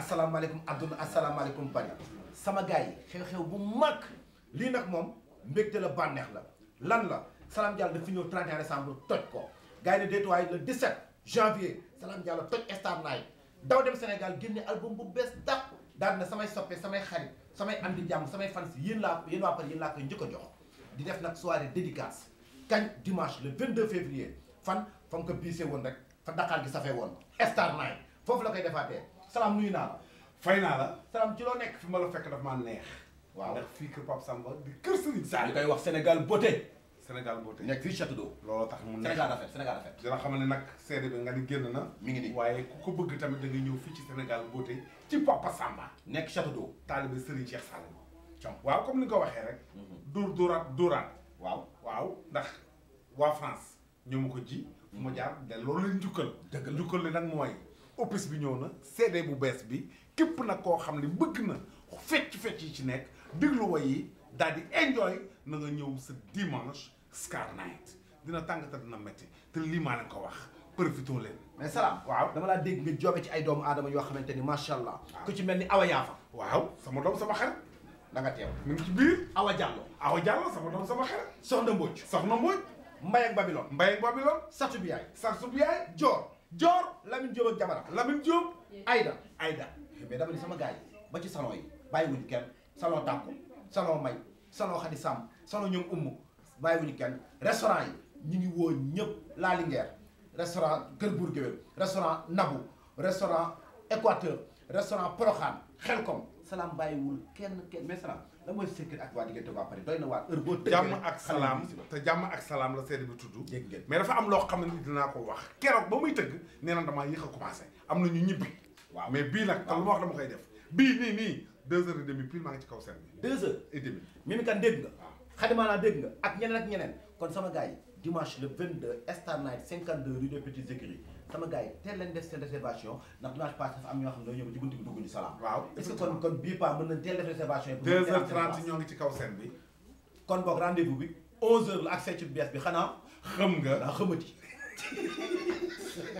asalaamaaleykum adduna asalaamaaleykum Paris sama gars yi xew-xew bu mag lii nag moom mbégte la bànneex la lan la salaam Diallo dafa ñëw 31 décembre toj ko gars yi ne déetuwaay le 17 janvier Salam Diallo toj Star Night daw dem Sénégal génne album bu bees dàq daal na samay soppe samay xarit samay andi jàmm samay fans yéen laa yéen waa Paris yéen laa koy njëkk a jox di def nag soirée dédicace kañ dimanche le 22 février fan fa nga ko biisee woon rek fa Dakar gi safee woon Star foofu la koy defaatee salaam nuyu naa la. fay naa la. salaam ci loo nekk fi ma la fekk daf maa neex. waaw ndax fii kër Pape Samba di kër Serigne Sall. ñu koy wax Sénégal beauté. Sénégal beauté nekk fii Château d'eau. looloo tax mu nekk Sénégal rafet Sénégal rafet. xam ne nag seede bi nga ni génn na. mu ngi nii waaye ku ko bëgg tamit da ñëw fii ci Sénégal beauté ci Papa Samba. nekk Château d'eau. taalibe Serigne Cheikh Sall. cong waaw comme ni nga waxee rek. Mhm. dóor dóoraat dóoraat. waaw waaw ndax waa France ñoo ma ko ji. Mhm. fu ma jaar de loolu lañ jukkal. nag mooy opus bi ñëw na CD bu bees bi képp nag koo xam ne bëgg na fecc fecc yi ci nekk déglu way yi daal di enjoy na nga ñëw sa dimanche Scar Night dina tàng te dina métti te lii maa leen ko wax profitoo leen. mais salaam waaw dama laa dégg nga joobe ci ay doomu aadama yoo xamante ni macha allah. ku ci mel ni Awa Yaafa. waaw sama doom sama xarit. danga nga teew ci biir. Awa Diallo Awa Diallo sama doom sama xarit. Soxna Mbodj Soxna Mbodj. Mbaye ak Babilone Mbaye ak Babilone. Satu Biaye Satu Dior Lamine Diop ak Jabara Lamine Diop Aïda Aïda mais dama ni sama gars yi ba ci salon yi bàyyiwuñu kenn salon Tàkko salon May salon Xadi Sam salon ñoom umm bàyyiwuñu kenn restaurant yi ñu ngi woo ñëpp La Linguère restaurant Kër Bour Guéwél restaurant Nabou restaurant Équateur restaurant Proxam xelkom salam bayiwul kenn kenn mais salam la moy secret ak wa digënté ba pare doyna wa heure bo jam ak salam te jam ak salam la sédé bi tuddu mais dafa am lo xamni dina ko wax kérok ba muy teug néna dama yexa commencer am nañu ñibbi wa mais bi nak tan wax dama koy def bi ni ni 2h30 pile ma ngi ci kaw sen 2h30 mimi kan deg nga xadima la deg nga ak ñeneen ak ñeneen kon sama gaay dimanche le 22 Star Night 52 rue des Petits Écuries sama gars yi teel leen def seen réservation ndax dimanche passé dafa am ñoo xam ne ñoo ñëw ci bi duggu ñu salam waaw est-ce que kon kon bii paa mën nañ teel def réservation. 2h30 ñoo ngi ci kaw sen bi. kon bok rendez-vous bi 11h la ak feccu bi xana xam nga daa xamati.